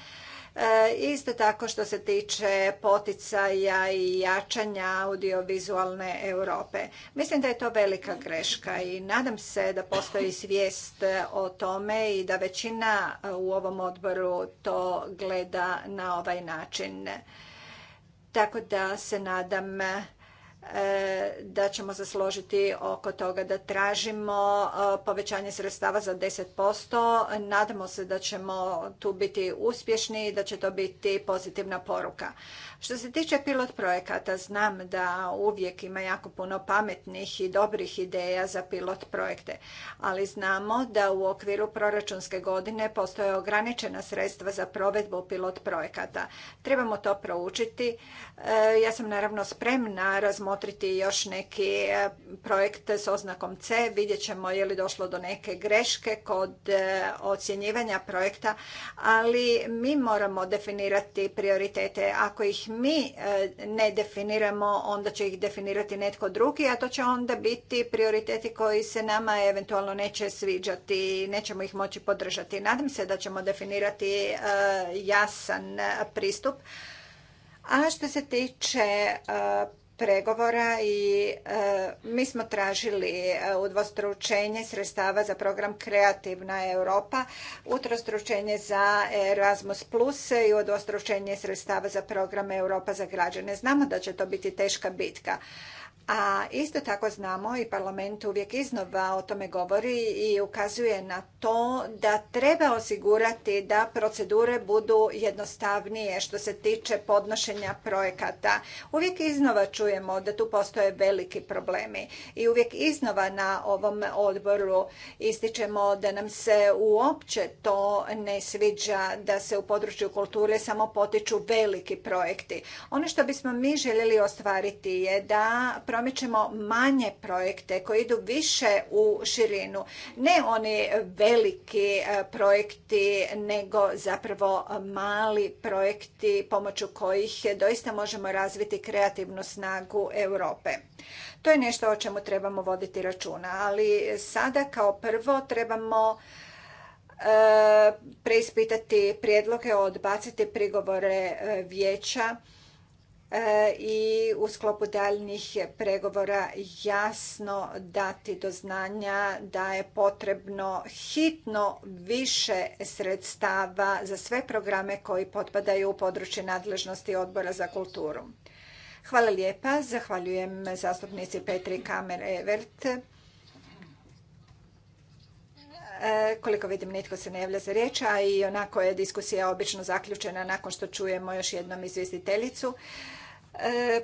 E, isto tako što se tiče poticaja i jačanja audiovizualne Europe. Mislim da je to velika greška i nadam se da postoji svijest o tome i da većina u ovom odboru to gleda na ovaj način. Tako da se nadam da ćemo se složiti oko toga da tražimo e, povećanje sredstava za 10%. Nadamo se da ćemo tu biti uspješni i da će to biti pozitivna poruka. Što se tiče pilot projekata, znam da uvijek ima jako puno pametnih i dobrih ideja za pilot projekte, ali znamo da u okviru proračunske godine postoje ograničena sredstva za provedbu pilot projekata. Trebamo to proučiti. E, ja sam naravno spremna razmotriti razmotriti još neki e, projekt s oznakom C. Vidjet ćemo je li došlo do neke greške kod e, ocjenjivanja projekta, ali mi moramo definirati prioritete. Ako ih mi e, ne definiramo, onda će ih definirati netko drugi, a to će onda biti prioriteti koji se nama eventualno neće sviđati i nećemo ih moći podržati. Nadam se da ćemo definirati jasan pristup. A što se tiče pregovora i e, mi smo tražili e, udvostručenje sredstava za program Kreativna Europa, utrostručenje za Erasmus Plus i udvostručenje sredstava za program Europa za građane. Znamo da će to biti teška bitka, a isto tako znamo i parlament uvijek iznova o tome govori i ukazuje na to da treba osigurati da procedure budu jednostavnije što se tiče podnošenja projekata. Uvijek iznova čujemo da tu postoje veliki problemi i uvijek iznova na ovom odboru ističemo da nam se uopće to ne sviđa da se u području kulture samo potiču veliki projekti. Ono što bismo mi željeli ostvariti je da promičemo manje projekte koji idu više u širinu. Ne oni veliki e, projekti, nego zapravo mali projekti pomoću kojih doista možemo razviti kreativnu snagu Europe. To je nešto o čemu trebamo voditi računa, ali sada kao prvo trebamo e, preispitati prijedloge, odbaciti prigovore e, vijeća E, i u sklopu daljnjih pregovora jasno dati do znanja da je potrebno hitno više sredstava za sve programe koji potpadaju u područje nadležnosti Odbora za kulturu. Hvala lijepa. Zahvaljujem zastupnici Petri Kamer-Evert. E, koliko vidim, nitko se ne javlja za riječ, a i onako je diskusija obično zaključena nakon što čujemo još jednom izvjestiteljicu.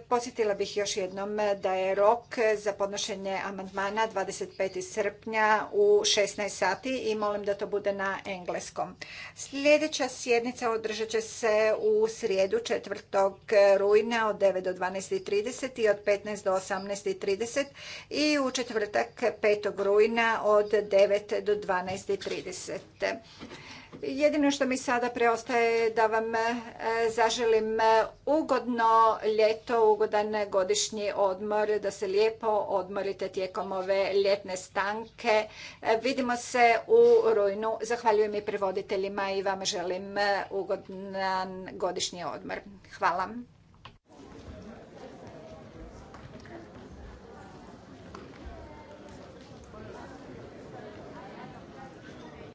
Posjetila bih još jednom da je rok za podnošenje amandmana 25. srpnja u 16 sati i molim da to bude na engleskom. Sljedeća sjednica održat će se u srijedu 4. rujna od 9 do 12.30 i od 15 do 18.30 i u četvrtak 5. rujna od 9 do 12.30. Jedino što mi sada preostaje da vam e, zaželim e, ugodno ljeto, ugodan godišnji odmor, da se lijepo odmorite tijekom ove ljetne stanke. E, vidimo se u rujnu. Zahvaljujem i prevoditeljima i vam želim ugodan godišnji odmor. Hvala.